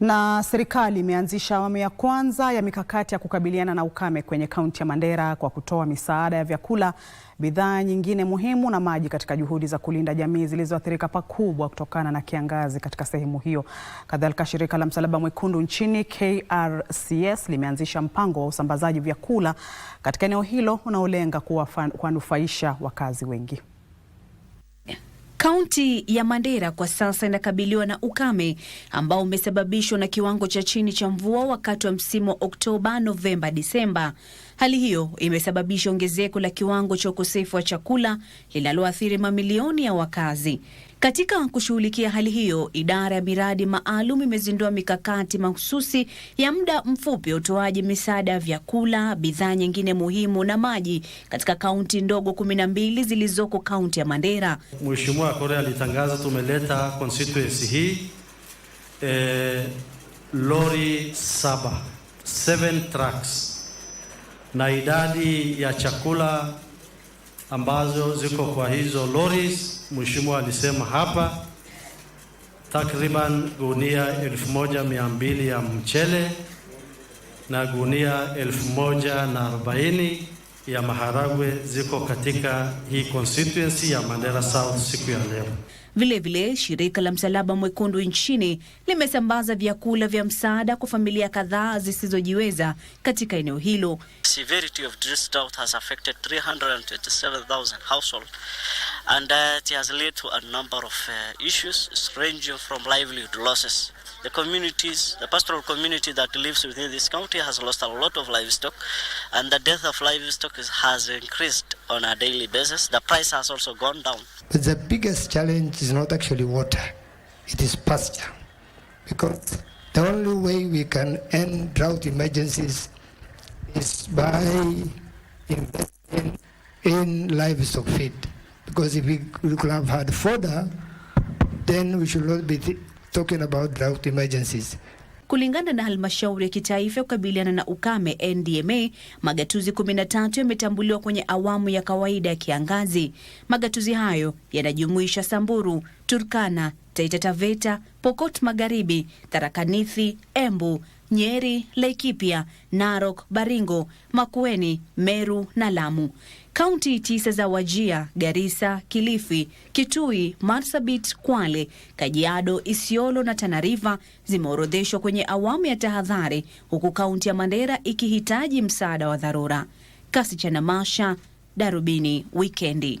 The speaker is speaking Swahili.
Na serikali imeanzisha awamu ya kwanza ya mikakati ya kukabiliana na ukame kwenye kaunti ya Mandera kwa kutoa misaada ya vyakula, bidhaa nyingine muhimu na maji katika juhudi za kulinda jamii zilizoathirika pakubwa kutokana na kiangazi katika sehemu hiyo. Kadhalika, shirika la Msalaba Mwekundu nchini KRCS limeanzisha mpango wa usambazaji vyakula katika eneo hilo unaolenga kuwanufaisha wakazi wengi. Kaunti ya Mandera kwa sasa inakabiliwa na ukame ambao umesababishwa na kiwango cha chini cha mvua wakati wa msimu Oktoba, Novemba, Disemba. Hali hiyo imesababisha ongezeko la kiwango cha ukosefu wa chakula linaloathiri mamilioni ya wakazi. Katika kushughulikia hali hiyo, idara ya miradi maalum imezindua mikakati mahususi ya muda mfupi ya utoaji misaada ya vyakula, bidhaa nyingine muhimu na maji katika kaunti ndogo kumi na mbili zilizoko kaunti ya Mandera. Mheshimiwa Korea alitangaza tumeleta constituency hii eh, lori saba, seven trucks na idadi ya chakula ambazo ziko kwa hizo lorries. Mheshimiwa alisema hapa takriban gunia elfu moja mia mbili ya mchele na gunia elfu moja na arobaini ya maharagwe ziko katika hii constituency ya Mandera South siku ya leo. Vilevile vile, shirika la Msalaba Mwekundu nchini limesambaza vyakula vya msaada kwa familia kadhaa zisizojiweza katika eneo hilo. Severity of this drought has affected 327,000 households And that has led to a number of uh, issues ranging from livelihood losses. The communities, the pastoral community that lives within this county has lost a lot of livestock, and the death of livestock is, has increased on a daily basis. The price has also gone down. But the biggest challenge is not actually water, it is pasture. Because the only way we can end drought emergencies is by investing in livestock feed. Because if we could have had fodder, then we should not be th- talking about drought emergencies. Kulingana na halmashauri ya kitaifa ya kukabiliana na ukame NDMA, magatuzi 13 yametambuliwa kwenye awamu ya kawaida ya kiangazi. Magatuzi hayo yanajumuisha Samburu, Turkana, Taita Taveta, Pokot Magharibi, Tharakanithi, Embu, Nyeri, Laikipia, Narok, Baringo, Makueni, Meru na Lamu. Kaunti tisa za Wajia, Garissa, Kilifi, Kitui, Marsabit, Kwale, Kajiado, Isiolo na Tana River zimeorodheshwa kwenye awamu ya tahadhari huku kaunti ya Mandera ikihitaji msaada wa dharura. kasi cha namasha Darubini Wikendi.